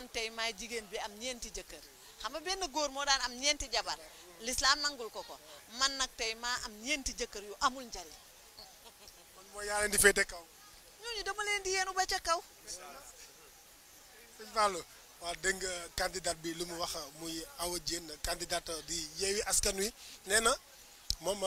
man tey maay jigéen bi am ñeenti jëkkër xam nga benn góor moo daan am ñeenti jabar lislaam nangul ko ko man nag tey maa am ñeenti jëkkër yu amul njariñ kon mooy yaa kaw ñooñu dama leen di yeenu ba ca kaw sëñ Fallou waaw nga candidat bi lu mu wax muy Awa Diène candidate di Yewwi Askan Wi nee na moom